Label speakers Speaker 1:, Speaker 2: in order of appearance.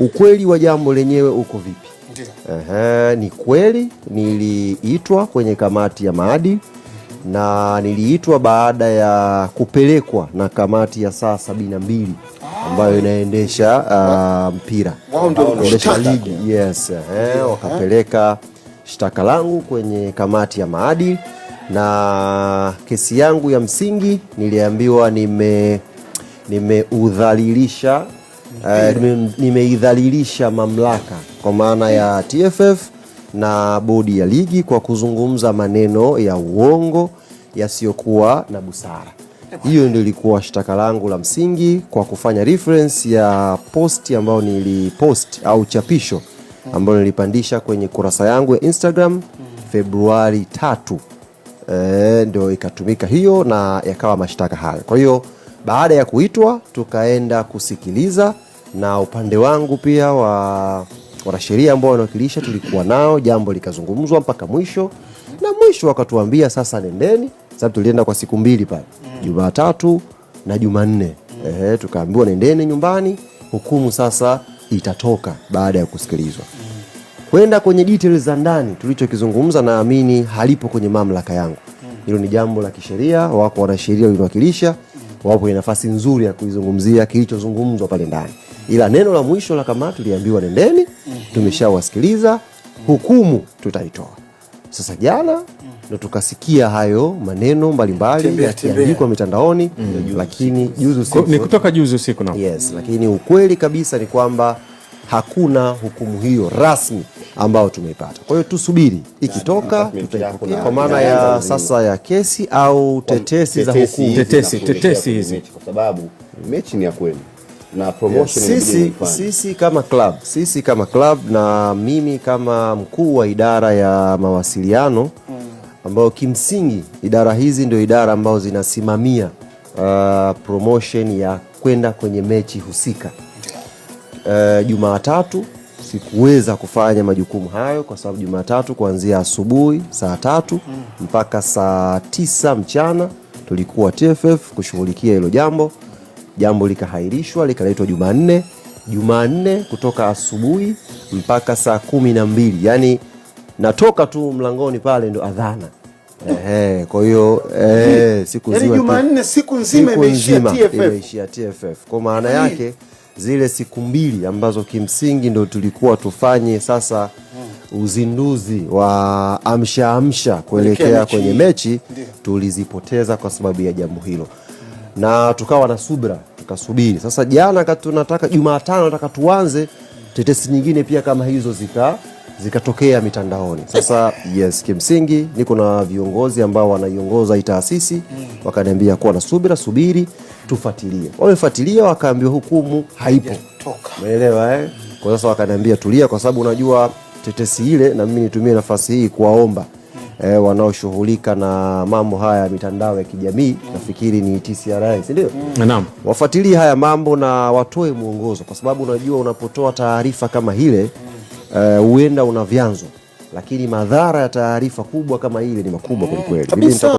Speaker 1: ukweli wa jambo lenyewe uko vipi? Aha, ni kweli niliitwa kwenye kamati ya maadili na niliitwa baada ya kupelekwa na kamati ya saa sabini na mbili ah. ambayo inaendesha uh, mpira
Speaker 2: inaendesha ligi
Speaker 1: yes. Eh, wakapeleka shtaka langu kwenye kamati ya maadili na kesi yangu ya msingi niliambiwa nime nimeudhalilisha Uh, nimeidhalilisha mamlaka kwa maana ya TFF na bodi ya ligi kwa kuzungumza maneno ya uongo yasiyokuwa na busara. Hiyo ndio ilikuwa shtaka langu la msingi kwa kufanya reference ya posti ambayo nilipost au chapisho ambayo nilipandisha kwenye kurasa yangu ya Instagram Februari tatu. E, ndio ikatumika hiyo na yakawa mashtaka hayo. Kwa hiyo baada ya kuitwa, tukaenda kusikiliza, na upande wangu pia wa wanasheria ambao wanawakilisha tulikuwa nao, jambo likazungumzwa mpaka mwisho, na mwisho wakatuambia sasa nendeni, sababu tulienda kwa siku mbili pale, mm. Jumatatu na Jumanne. Mm. Ehe, tukaambiwa nendeni nyumbani, hukumu sasa itatoka baada ya kusikilizwa. Mm. Kwenda kwenye details za ndani, tulichokizungumza naamini halipo kwenye mamlaka yangu, hilo ni jambo la kisheria, wako wanasheria wa wapo kwenye nafasi nzuri ya kuizungumzia kilichozungumzwa pale ndani, ila neno la mwisho la kamati liambiwa nendeni, mhm. tumeshawasikiliza, hukumu tutaitoa. Sasa jana mhm. ndo tukasikia hayo maneno mbalimbali yakiandikwa mitandaoni mm. Lakini juzi usiku
Speaker 2: ni kutoka juzi usiku na
Speaker 1: yes, lakini ukweli kabisa ni kwamba hakuna hukumu hiyo rasmi ambao tumeipata. Kwa hiyo tusubiri ikitoka, tutaipokea kwa maana ya sasa ya kesi au tetesi za hukumu,
Speaker 2: tetesi hizi, kwa
Speaker 3: sababu mechi ni ya kwenu. Na promotion sisi,
Speaker 1: sisi kama club sisi kama club na mimi kama mkuu wa idara ya mawasiliano mm. ambayo kimsingi idara hizi ndio idara ambazo zinasimamia uh, promotion ya kwenda kwenye mechi husika uh, Jumatatu sikuweza kufanya majukumu hayo kwa sababu Jumatatu kuanzia asubuhi saa tatu mpaka saa tisa mchana tulikuwa TFF kushughulikia hilo jambo. Jambo likahairishwa likaletwa Jumanne. Jumanne kutoka asubuhi mpaka saa kumi na mbili yani natoka tu mlangoni pale ndo adhana. Ehe, kwa hiyo eh, siku
Speaker 2: nzima, siku nzima imeishia
Speaker 1: TFF, kwa maana yake yaani zile siku mbili ambazo kimsingi ndo tulikuwa tufanye sasa uzinduzi wa amsha amsha kuelekea kwenye mechi tulizipoteza kwa sababu ya jambo hilo, na tukawa na subra tukasubiri. Sasa jana tunataka Jumatano, nataka tuanze tetesi nyingine pia kama hizo zika zikatokea mitandaoni. Sasa yes, kimsingi niko na viongozi ambao wanaiongoza hii taasisi wakaniambia kuwa na subira, subiri tufuatilie. Wamefuatilia wakaambiwa hukumu haipo, umeelewa eh? Kwa sasa wakaniambia tulia, kwa sababu unajua tetesi ile, na mimi nitumie nafasi hii kuwaomba eh, wanaoshughulika na mambo haya ya mitandao ya kijamii mm. Nafikiri ni TCRA, si ndio? Naam, wafuatilie haya mambo na watoe mwongozo, kwa sababu unajua unapotoa taarifa kama ile mm. Eh, huenda uh, una vyanzo, lakini madhara ya taarifa kubwa kama ile ni makubwa kwelikweli.